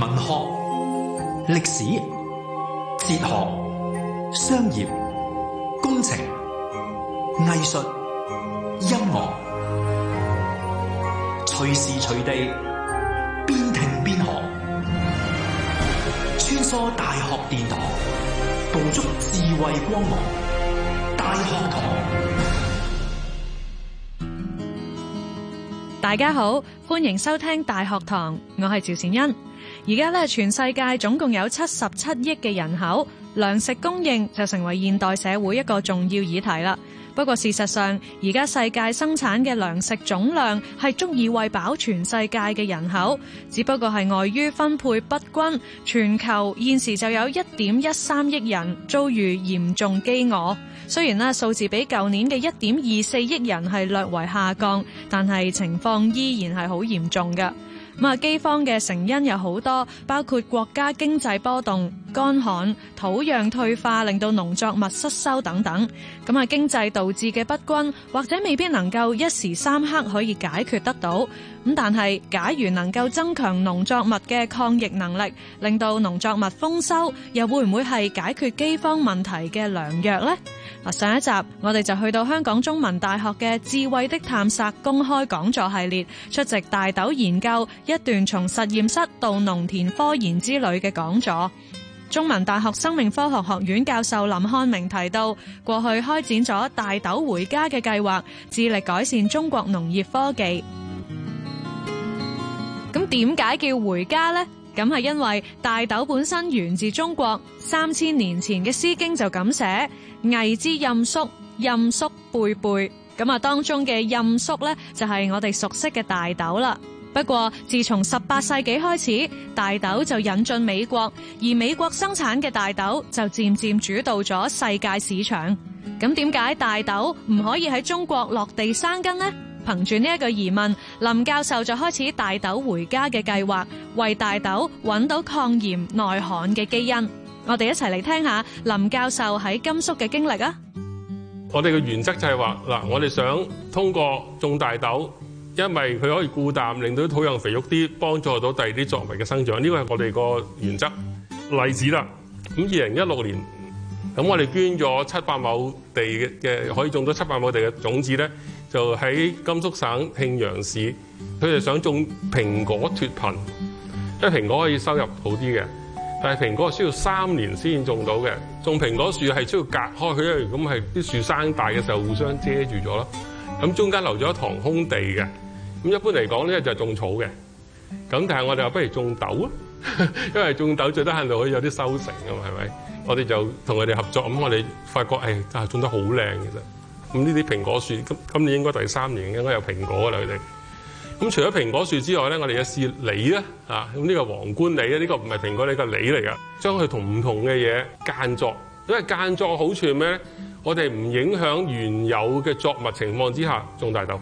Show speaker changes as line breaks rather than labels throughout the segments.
文學、歷史、哲學、
商業、工程、藝術、音樂，隨時隨地邊聽邊
學，穿梭大學殿堂，捕捉智慧光芒。
大學堂。大家好，歡迎收聽大學堂，我係趙善恩。而家咧，全世界總共有七十七億嘅人口，糧食供應就成為現代社會一個重要議題啦。不過事實上，而家世界生產嘅糧食總量係足以餵飽全世界嘅人口，只不過係礙於分配不均，全球現時就有一點一三億人遭遇嚴重飢餓。雖然啦，數字比舊年嘅一點二四億人係略為下降，但係情況依然係好嚴重㗎。咁啊，饑荒嘅成因有好多，包括國家經濟波動、乾旱、土壤退化，令到農作物失收等等。咁啊，經濟導致嘅不均，或者未必能夠一時三刻可以解決得到。咁但係，假如能夠增強農作物嘅抗逆能力，令到農作物豐收，又會唔會係解決饑荒問題嘅良藥呢？嗱，上一集我哋就去到香港中文大學嘅智慧的探索公開講座系列，出席大豆研究一段從實驗室到農田科研之旅嘅講座。中文大學生命科學學院教授林漢明提到，過去開展咗大豆回家嘅計劃，致力改善中國農業科技。咁點解叫回家咧？咁係因為大豆本身源自中國，三千年前嘅《詩經》就咁寫。藝之荏菽，荏菽旆旆咁啊，當中嘅荏菽呢，就係我哋熟悉嘅大豆啦。不過自從十八世紀開始，大豆就引進美國，而美國生產嘅大豆就漸漸主導咗世界市場。咁點解大豆唔可以喺中國落地生根呢？憑住呢一個疑問，林教授就開始大豆回家嘅計劃，為大豆揾到抗鹽耐旱嘅基因。我哋一齊嚟聽下林教授喺甘肅嘅經歷啊！
我哋嘅原則就係話，嗱，我哋想通過種大豆，因為佢可以固氮，令到土壤肥沃啲，幫助到第二啲作物嘅生長。呢個係我哋個原則例子啦。咁二零一六年，咁我哋捐咗七百畝地嘅，可以種到七百畝地嘅種子咧，就喺甘肅省慶陽市，佢哋想種蘋果脫貧，因為蘋果可以收入好啲嘅。但係蘋果需要三年先種到嘅，種蘋果樹係需要隔開佢咧，咁係啲樹生大嘅時候互相遮住咗咯。咁中間留咗一堂空地嘅，咁一般嚟講咧就係種草嘅。咁但係我哋又不如種豆啊，因為種豆最低限度可以有啲收成嘅嘛，係咪？我哋就同佢哋合作，咁我哋發覺係啊、哎、種得好靚嘅，其實咁呢啲蘋果樹，今今年應該第三年，應該有蘋果啦，佢哋。咁除咗蘋果樹之外咧，我哋嘅試梨咧，啊，咁呢個皇冠梨啊，呢個唔係蘋果梨，嘅梨嚟噶，將佢同唔同嘅嘢間作，因為間作好處係咩咧？我哋唔影響原有嘅作物情況之下種大豆。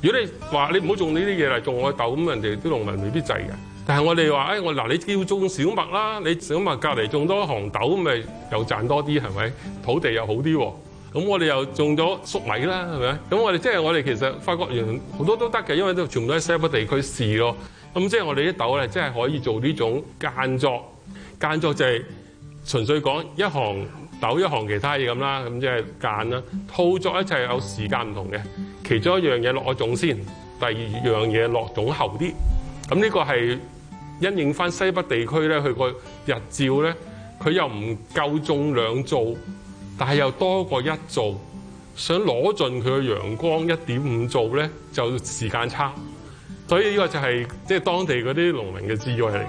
如果你話你唔好種呢啲嘢嚟種我豆咁，人哋啲農民未必制嘅。但係我哋話誒，我嗱你叫種小麥啦，你小麥隔離種多一行豆，咁咪又賺多啲係咪？土地又好啲喎。咁我哋又種咗粟米啦，係咪？咁我哋即係我哋其實發覺完好多都得嘅，因為都全部都喺西北地區試咯。咁即係我哋啲豆咧，即係可以做呢種間作。間作就係、是、純粹講一行豆，一行其他嘢咁啦。咁即係間啦。套作一就有時間唔同嘅，其中一樣嘢落咗種先，第二樣嘢落種後啲。咁呢個係因應翻西北地區咧，佢個日照咧，佢又唔夠種兩造。但係又多過一造，想攞盡佢嘅陽光一點五造咧，就時間差。所以呢個就係即係當地嗰啲農民嘅智慧嚟㗎。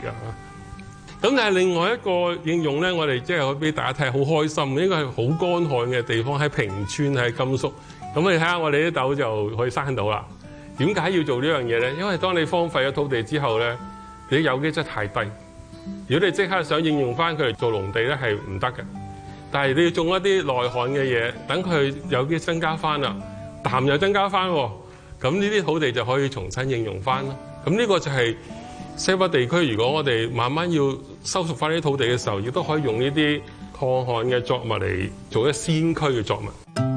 咁但係另外一個應用咧，我哋即係可以俾大家睇，好開心。呢個係好乾旱嘅地方，喺平川，喺甘肅。咁你睇下我哋啲豆就可以生到啦。點解要做呢樣嘢咧？因為當你荒廢咗土地之後咧，你有機質太低。如果你即刻想應用翻佢嚟做農地咧，係唔得嘅。但係你要種一啲耐旱嘅嘢，等佢有啲增加翻啦，氮又增加翻喎，咁呢啲土地就可以重新應用翻啦。咁呢個就係西北地區，如果我哋慢慢要收復翻啲土地嘅時候，亦都可以用呢啲抗旱嘅作物嚟做一先驅嘅作物。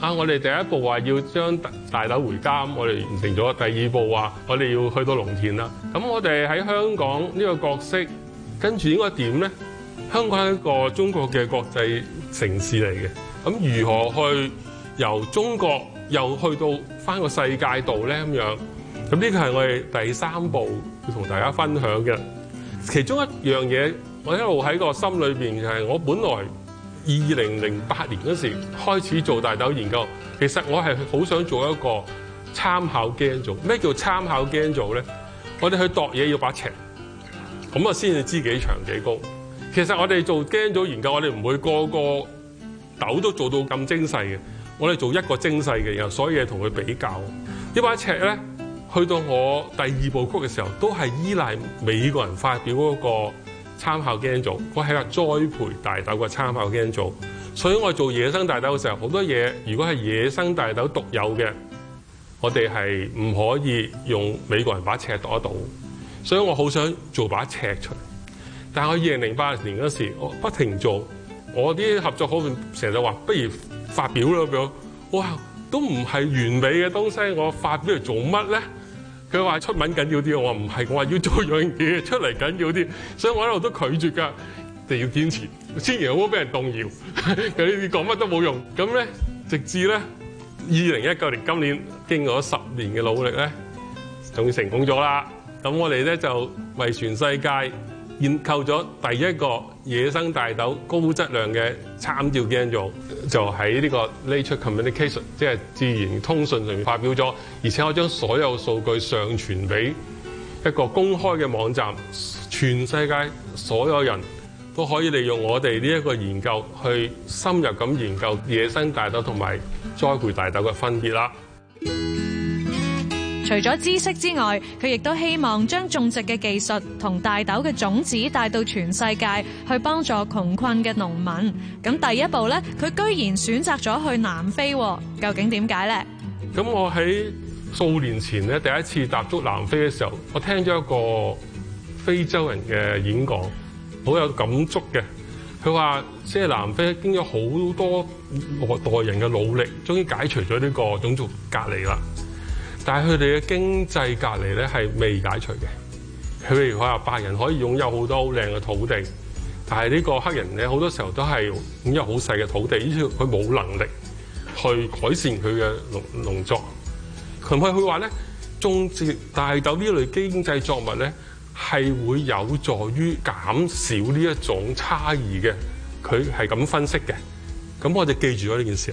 啊！我哋第一步話要將大豆回家，我哋完成咗第二步話，我哋要去到農田啦。咁我哋喺香港呢個角色，跟住應該點咧？香港係一個中國嘅國際城市嚟嘅，咁如何去由中國又去到返個世界度咧？咁樣咁呢個係我哋第三步要同大家分享嘅。其中一樣嘢，我一路喺個心裏邊就係我本來，二零零八年嗰時候開始做大豆研究，其實我係好想做一個參考 gen 組。咩叫做參考 gen 組咧？我哋去度嘢要把尺，咁啊先至知幾長幾高。其實我哋做 gen 組研究，我哋唔會個個豆都做到咁精細嘅。我哋做一個精細嘅，然後所有嘢同佢比較。呢把尺咧，去到我第二部曲嘅時候，都係依賴美國人發表嗰個。參考基因組，我係話栽培大豆嘅參考基因組，所以我做野生大豆嘅時候，好多嘢如果係野生大豆獨有嘅，我哋係唔可以用美國人把尺度得到，所以我好想做把尺出嚟。但係我二零零八年嗰時候，我不停做，我啲合作夥伴成日話：不如發表啦，咁樣，哇，都唔係完美嘅東西，我發表嚟做乜咧？佢話出文緊要啲，我話唔係，我話要做樣嘢出嚟緊要啲，所以我一路都拒絕㗎，一定要堅持，千祈唔好俾人動搖，佢講乜都冇用。咁咧，直至咧二零一九年今年，經過咗十年嘅努力咧，仲成功咗啦。咁我哋咧就為全世界。研究咗第一個野生大豆高質量嘅參照基因組，就喺呢個 Nature Communication，即係自然通訊上面發表咗。而且我將所有數據上傳俾一個公開嘅網站，全世界所有人都可以利用我哋呢一個研究去深入咁研究野生大豆同埋栽培大豆嘅分別啦。
除咗知識之外，佢亦都希望將種植嘅技術同大豆嘅種子帶到全世界，去幫助窮困嘅農民。咁第一步咧，佢居然選擇咗去南非，究竟點解咧？
咁我喺數年前咧第一次踏足南非嘅時候，我聽咗一個非洲人嘅演講，好有感觸嘅。佢話，即係南非經咗好多代人嘅努力，終於解除咗呢個種族隔離啦。但係佢哋嘅經濟隔離咧，係未解除嘅。譬如佢話白人可以擁有好多好靚嘅土地，但係呢個黑人咧，好多時候都係擁有好細嘅土地，因為佢冇能力去改善佢嘅農農作。佢係佢話咧，種植大豆呢類經濟作物咧，係會有助於減少呢一種差異嘅。佢係咁分析嘅。咁我哋記住咗呢件事。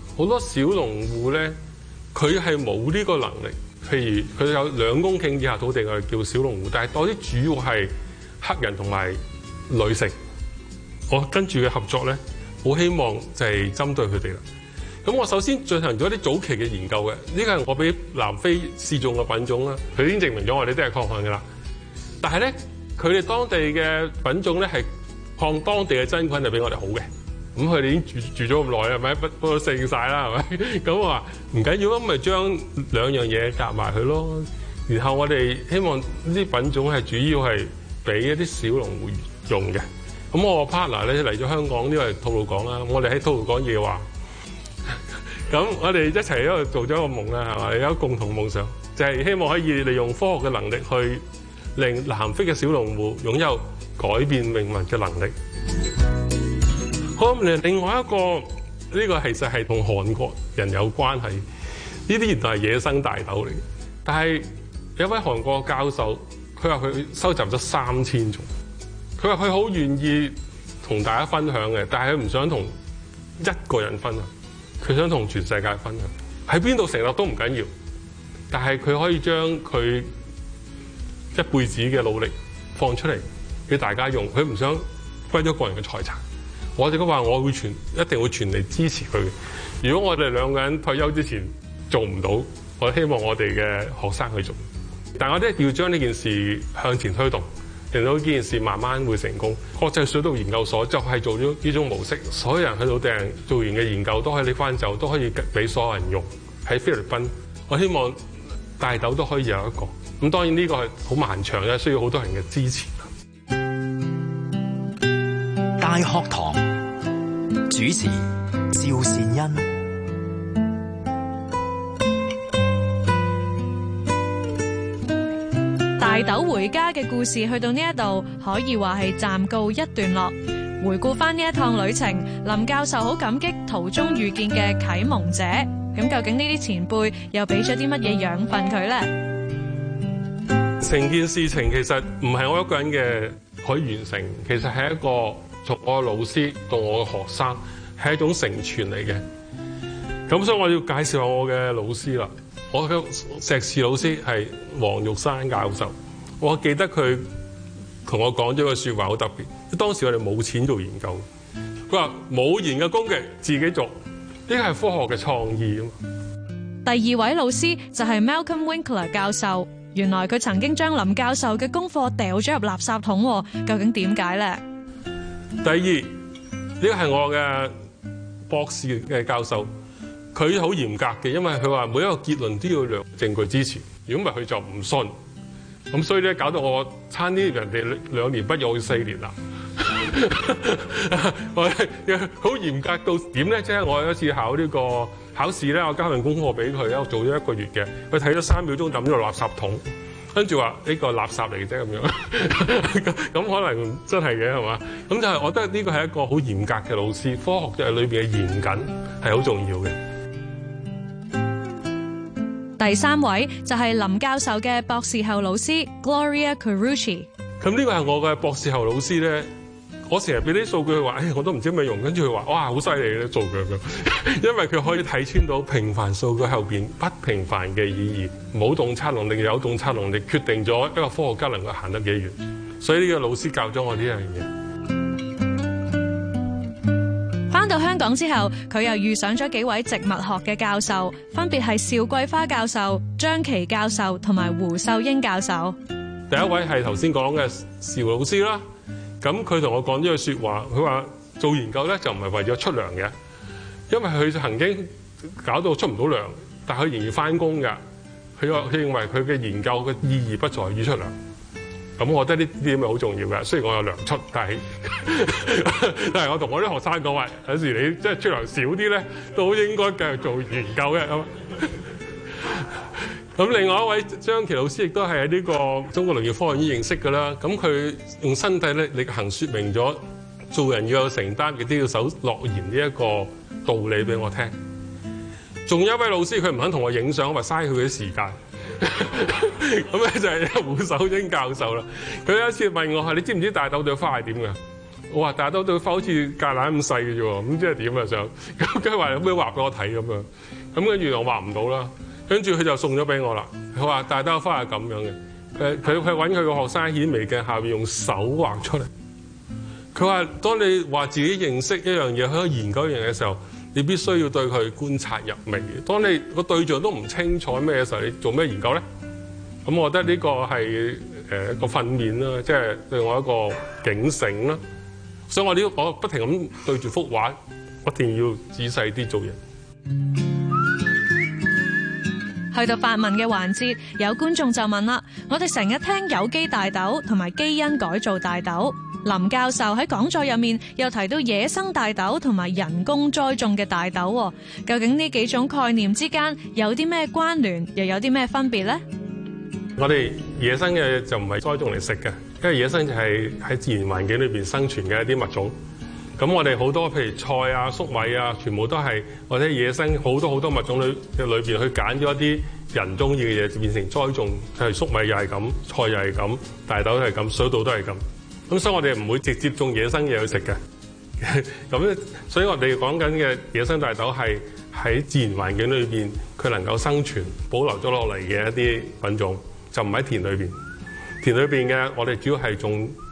好多小農戶咧，佢係冇呢個能力。譬如佢有兩公頃以下土地，我係叫小農戶。但係多啲主要係黑人同埋女性，我跟住嘅合作咧，好希望就係針對佢哋啦。咁我首先進行咗啲早期嘅研究嘅，呢個係我俾南非試種嘅品種啦。佢已經證明咗我哋都係抗旱噶啦。但係咧，佢哋當地嘅品種咧係抗當地嘅真菌就比我哋好嘅。咁佢哋已經住住咗咁耐啦，係咪不不過剩曬啦，係咪？咁我話唔緊要咯，咪將兩樣嘢夾埋佢咯。然後我哋希望呢啲品種係主要係俾一啲小農戶用嘅。咁我 partner 咧嚟咗香港，呢個係套路講啦。我哋喺套路講嘢話。咁我哋一齊喺度做咗一個夢啦，係嘛？有共同夢想，就係希望可以利用科學嘅能力去令南非嘅小農戶擁有改變命運嘅能力。好，另外一個呢個其實係同韓國人有關係，呢啲原來係野生大豆嚟。但係有一位韓國教授，佢話佢收集咗三千種，佢話佢好願意同大家分享嘅，但係佢唔想同一個人分享。佢想同全世界分享，喺邊度成立都唔緊要，但係佢可以將佢一輩子嘅努力放出嚟俾大家用，佢唔想分咗個人嘅財產。我哋都話我會全一定會全力支持佢。如果我哋兩個人退休之前做唔到，我希望我哋嘅學生去做。但係我哋要將呢件事向前推動，令到呢件事慢慢會成功。國際水稻研究所就係做咗呢種模式，所有人喺度訂做完嘅研究都可以拎翻走，都可以俾所有人用喺菲律賓。我希望大豆都可以有一個。咁當然呢個係好漫長嘅，需要好多人嘅支持。大學堂主持，趙善恩。
大豆回家嘅故事去到呢一度，可以話係暫告一段落。回顧翻呢一趟旅程，林教授好感激途中遇見嘅啟蒙者。咁究竟呢啲前輩又俾咗啲乜嘢養分佢呢？
成件事情其實唔係我一個人嘅可以完成，其實係一個。從我嘅老師到我嘅學生，係一種成全嚟嘅。咁所以我要介紹下我嘅老師啦。我嘅碩士老師係黃玉山教授。我記得佢同我講咗個說話好特別。當時我哋冇錢做研究，佢話冇研嘅工具自己做，呢個係科學嘅創意啊。
第二位老師就係 Malcolm Winkler 教授。原來佢曾經將林教授嘅功課掉咗入垃圾桶，究竟點解咧？
第二，呢個係我嘅博士嘅教授，佢好嚴格嘅，因為佢話每一個結論都要兩個證據支持，如果唔係佢就唔信。咁所以咧搞到我差啲人哋兩年畢業，我四年啦。好 嚴格到點咧？即係我有一次考呢個考試咧，我交份功課俾佢咧，我做咗一個月嘅，佢睇咗三秒鐘就抌咗垃圾桶。跟住話呢個垃圾嚟嘅啫咁樣，咁可能真係嘅係嘛？咁就係我覺得呢個係一個好嚴格嘅老師，科學就係裏邊嘅嚴謹係好重要嘅。
第三位就係林教授嘅博士後老師 Gloria Carucci。
咁呢個係我嘅博士後老師咧。我成日俾啲數據佢，話：唉，我都唔知咩用。跟住佢話：哇，好犀利咧，數據咁樣。因為佢可以睇穿到平凡數據後邊不平凡嘅意義，冇洞察能力，有洞察能力，能力決定咗一個科學家能夠行得幾遠。所以呢個老師教咗我呢樣嘢。
翻到香港之後，佢又遇上咗幾位植物學嘅教授，分別係邵桂花教授、張琪教授同埋胡秀英教授。
第一位係頭先講嘅邵老師啦。咁佢同我講呢句說話，佢話做研究咧就唔係為咗出糧嘅，因為佢曾經搞到出唔到糧，但係佢仍然翻工嘅。佢話佢認為佢嘅研究嘅意義不在於出糧。咁我覺得呢啲點係好重要嘅。雖然我有糧出，但係但係我同我啲學生講話，有時你即係出糧少啲咧，都應該繼續做研究嘅。咁另外一位張琪老師亦都係喺呢個中國農業科學院認識㗎啦，咁佢用身體力力行說明咗做人要有承擔，亦都要守諾言呢一個道理俾我聽。仲有一位老師，佢唔肯同我影相，我話嘥佢嘅時間。咁咧就係胡守英教授啦。佢有一次問我，你知唔知大豆對花係點㗎？我話大豆對花好似芥藍咁細嘅啫喎，咁即係點啊？想？咁跟住話，可唔可以畫俾我睇咁樣？咁跟住我畫唔到啦。跟住佢就送咗俾我啦。佢話大豆花係咁樣嘅。佢佢揾佢個學生顯微鏡下面用手畫出嚟。佢話：當你話自己認識一樣嘢，佢可以研究一樣嘢嘅時候，你必須要對佢觀察入微。當你個對象都唔清楚咩嘅時候，你做咩研究咧？咁、嗯、我覺得呢個係、呃、個訓勉啦，即係對我一個警醒啦。所以我呢我不停咁對住幅畫，不停要仔細啲做嘢。
去到發問嘅環節，有觀眾就問啦：我哋成日聽有機大豆同埋基因改造大豆，林教授喺講座入面又提到野生大豆同埋人工栽種嘅大豆，究竟呢幾種概念之間有啲咩關聯，又有啲咩分別呢？
我哋野生嘅就唔係栽種嚟食嘅，因為野生就係喺自然環境裏邊生存嘅一啲物種。咁我哋好多譬如菜啊、粟米啊，全部都係或者野生，好多好多物種類嘅裏邊去揀咗一啲人中意嘅嘢，變成栽種。係、就係、粟米又係咁，菜又係咁，大豆都係咁，水稻都係咁。咁所以我哋唔會直接種野生嘢去食嘅。咁咧，所以我哋講緊嘅野生大豆係喺自然環境裏邊，佢能夠生存保留咗落嚟嘅一啲品種，就唔喺田裏邊。田裏邊嘅我哋主要係種。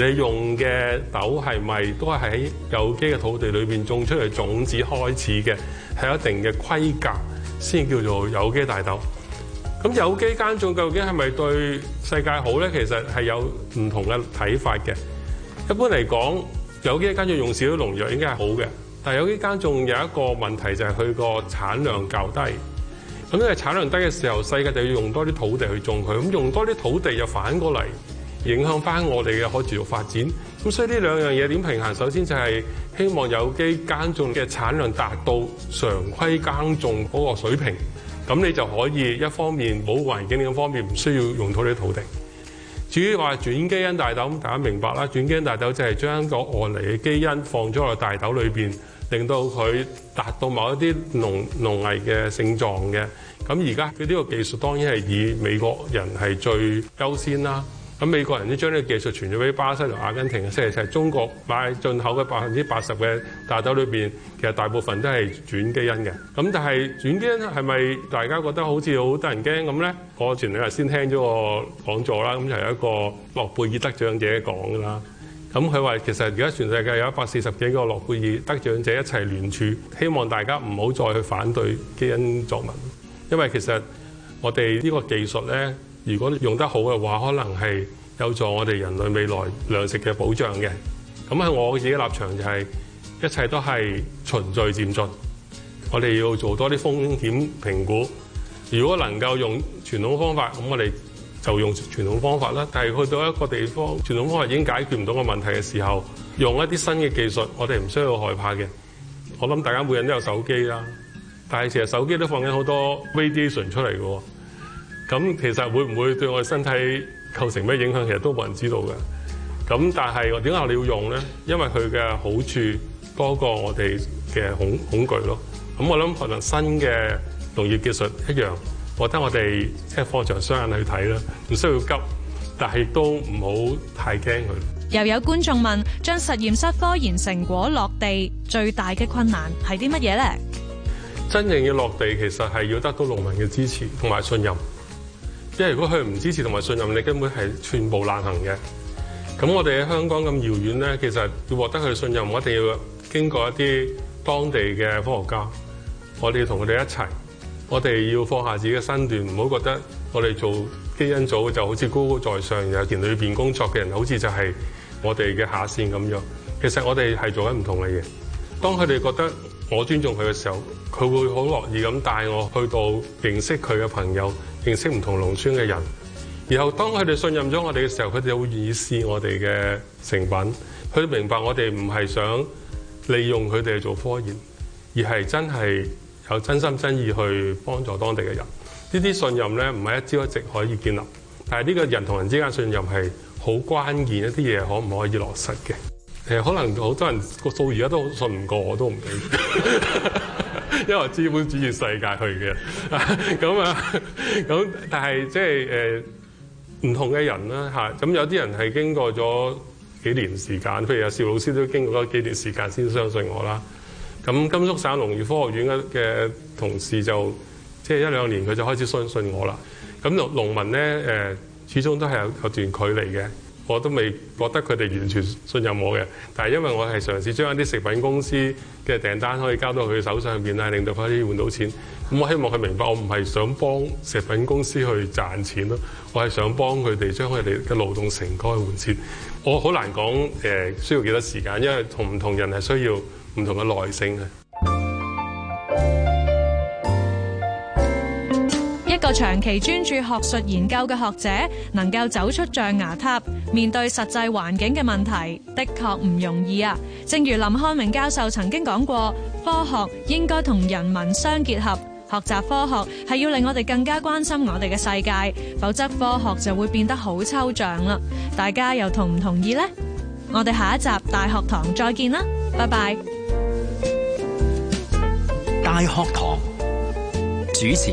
你用嘅豆係咪都係喺有機嘅土地裏面種出嚟種子開始嘅？係有一定嘅規格先叫做有機大豆。咁有機耕種究竟係咪對世界好咧？其實係有唔同嘅睇法嘅。一般嚟講，有機耕種用少啲農藥應該係好嘅。但有機耕種有一個問題就係佢個產量較低。咁因為產量低嘅時候，世界就要用多啲土地去種佢。咁用多啲土地又反過嚟。影響翻我哋嘅可持續發展，咁所以呢兩樣嘢點平衡？首先就係希望有機耕種嘅產量達到常規耕種嗰個水平，咁你就可以一方面保環境，另一方面唔需要用到啲土地。至於話轉基因大豆，大家明白啦。轉基因大豆就係將個外嚟嘅基因放咗落大豆裏面，令到佢達到某一啲農農藝嘅性狀嘅。咁而家佢呢個技術當然係以美國人係最優先啦。咁美國人都將呢個技術傳咗俾巴西同阿根廷，即係就係中國買進口嘅百分之八十嘅大豆裏邊，其實大部分都係轉基因嘅。咁但係轉基因係咪大家覺得好似好得人驚咁咧？我前兩日先聽咗個講座啦，咁就係一個諾貝爾得獎者講噶啦。咁佢話其實而家全世界有一百四十幾個諾貝爾得獎者一齊聯署，希望大家唔好再去反對基因作物，因為其實我哋呢個技術咧。如果用得好嘅話，可能係有助我哋人類未來糧食嘅保障嘅。咁喺我自己立場就係，一切都係循序漸進。我哋要做多啲風險評估。如果能夠用傳統方法，咁我哋就用傳統方法啦。但係去到一個地方，傳統方法已經解決唔到個問題嘅時候，用一啲新嘅技術，我哋唔需要害怕嘅。我諗大家每人都有手機啦，但係其實手機都放緊好多 radiation 出嚟嘅喎。咁其實會唔會對我哋身體構成咩影響？其實都冇人知道嘅。咁但係我點解你要用咧？因為佢嘅好處多過我哋嘅恐恐懼咯。咁我諗可能新嘅農業技術一樣，我覺得我哋即係放長雙眼去睇啦，唔需要急，但係都唔好太驚佢。
又有觀眾問：將實驗室科研成果落地最大嘅困難係啲乜嘢咧？真
正要落地，其實係要得到農民嘅支持同埋信任。即係如果佢唔支持同埋信任你，根本係寸步難行嘅。咁我哋喺香港咁遙遠咧，其實要獲得佢嘅信任，我一定要經過一啲當地嘅科學家，我哋要同佢哋一齊，我哋要放下自己嘅身段，唔好覺得我哋做基因組就好似高高在上，然後連裏邊工作嘅人好似就係我哋嘅下線咁樣。其實我哋係做緊唔同嘅嘢。當佢哋覺得我尊重佢嘅時候，佢會好樂意咁帶我去到認識佢嘅朋友。認識唔同農村嘅人，然後當佢哋信任咗我哋嘅時候，佢哋會願意試我哋嘅成品。佢明白我哋唔係想利用佢哋做科研，而係真係有真心真意去幫助當地嘅人。呢啲信任咧，唔係一朝一夕可以建立，但係呢個人同人之間信任係好關鍵一啲嘢，可唔可以落實嘅？誒，可能好多人個數而家都信唔過我都唔記得。 因為資本主義世界去嘅，咁啊，咁但係即係誒唔同嘅人啦嚇，咁有啲人係經過咗幾年時間，譬如阿邵老師都經過咗幾年時間先相信我啦。咁甘肅省農業科學院嘅同事就即係一兩年佢就開始相信我啦。咁農農民咧誒，始終都係有有段距離嘅。我都未覺得佢哋完全信任我嘅，但係因為我係嘗試將一啲食品公司嘅訂單可以交到佢手上邊啦，令到佢可以換到錢。咁我希望佢明白，我唔係想幫食品公司去賺錢咯，我係想幫佢哋將佢哋嘅勞動成果去換錢。我好難講誒，需要幾多時間，因為同唔同人係需要唔同嘅耐性嘅。
長期專注學術研究嘅學者，能夠走出象牙塔，面對實際環境嘅問題，的確唔容易啊！正如林漢明教授曾經講過，科學應該同人民相結合。學習科學係要令我哋更加關心我哋嘅世界，否則科學就會變得好抽象啦。大家又同唔同意呢？我哋下一集大學堂再見啦，拜拜！
大學堂主持。